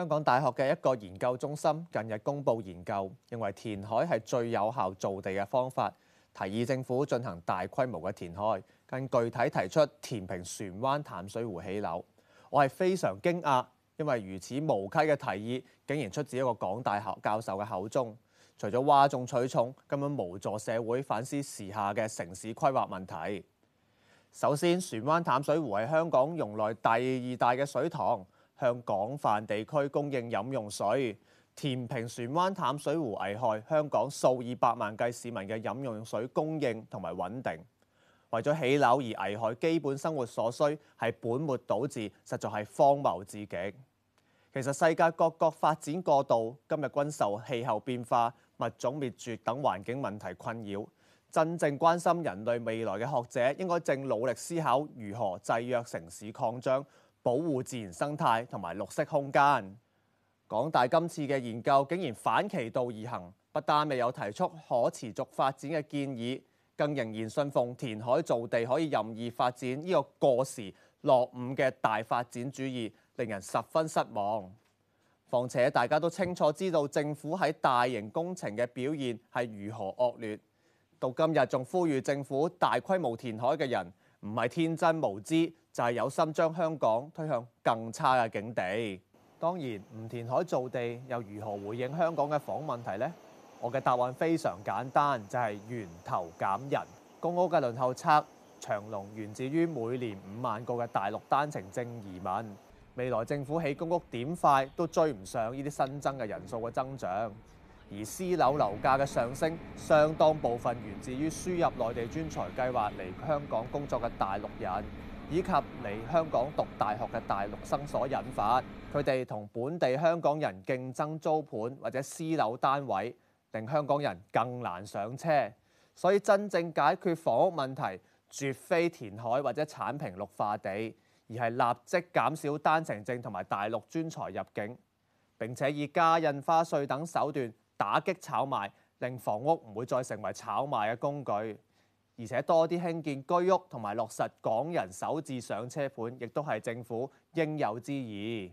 香港大學嘅一個研究中心近日公布研究，認為填海係最有效造地嘅方法，提議政府進行大規模嘅填海，更具體提出填平船灣淡水湖起樓。我係非常驚訝，因為如此無稽嘅提議，竟然出自一個港大學教授嘅口中，除咗嘩眾取寵，根本無助社會反思時下嘅城市規劃問題。首先，船灣淡水湖係香港容內第二大嘅水塘。向廣泛地區供應飲用水，填平船灣淡水湖危害香港數以百萬計市民嘅飲用水供應同埋穩定。為咗起樓而危害基本生活所需，係本末倒置，實在係荒謬至極。其實世界各國發展過度，今日均受氣候變化、物種滅絕等環境問題困擾。真正關心人類未來嘅學者，應該正努力思考如何制約城市擴張。保護自然生態同埋綠色空間。港大今次嘅研究竟然反其道而行，不但未有提出可持續發展嘅建議，更仍然信奉填海造地可以任意發展呢個過時落伍嘅大發展主義，令人十分失望。況且大家都清楚知道政府喺大型工程嘅表現係如何惡劣，到今日仲呼籲政府大規模填海嘅人，唔係天真無知，就係有心將香港推向更差嘅境地。當然，吳填海造地又如何回應香港嘅房問題呢？我嘅答案非常簡單，就係、是、源頭減人。公屋嘅輪候冊長龍源自於每年五萬個嘅大陸單程證移民。未來政府起公屋點快都追唔上呢啲新增嘅人數嘅增長，而私樓樓價嘅上升，相當部分源自於輸入內地專才計劃嚟香港工作嘅大陸人。以及嚟香港讀大學嘅大陸生所引發，佢哋同本地香港人競爭租盤或者私樓單位，令香港人更難上車。所以真正解決房屋問題，絕非填海或者剷平綠化地，而係立即減少單程證同埋大陸專才入境，並且以加印花稅等手段打擊炒賣，令房屋唔會再成為炒賣嘅工具。而且多啲興建居屋同埋落實港人首置上車盤，亦都係政府應有之義。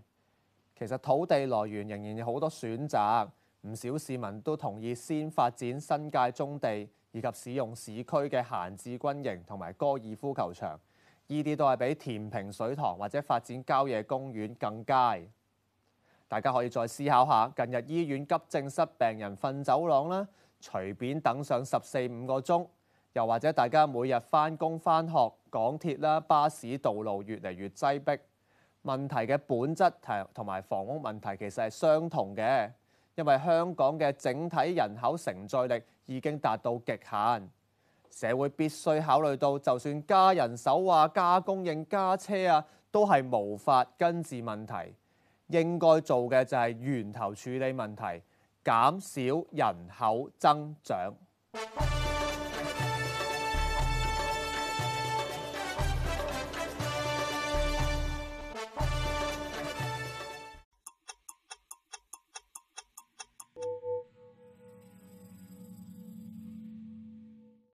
其實土地來源仍然有好多選擇，唔少市民都同意先發展新界棕地，以及使用市區嘅閒置軍營同埋高爾夫球場。呢啲都係比填平水塘或者發展郊野公園更佳。大家可以再思考下，近日醫院急症室病人瞓走廊啦，隨便等上十四五個鐘。又或者大家每日返工返學，港鐵啦、巴士、道路越嚟越擠迫。問題嘅本質同埋房屋問題其實係相同嘅，因為香港嘅整體人口承載力已經達到極限。社會必須考慮到，就算加人手啊、加供應、加車啊，都係無法根治問題。應該做嘅就係源頭處理問題，減少人口增長。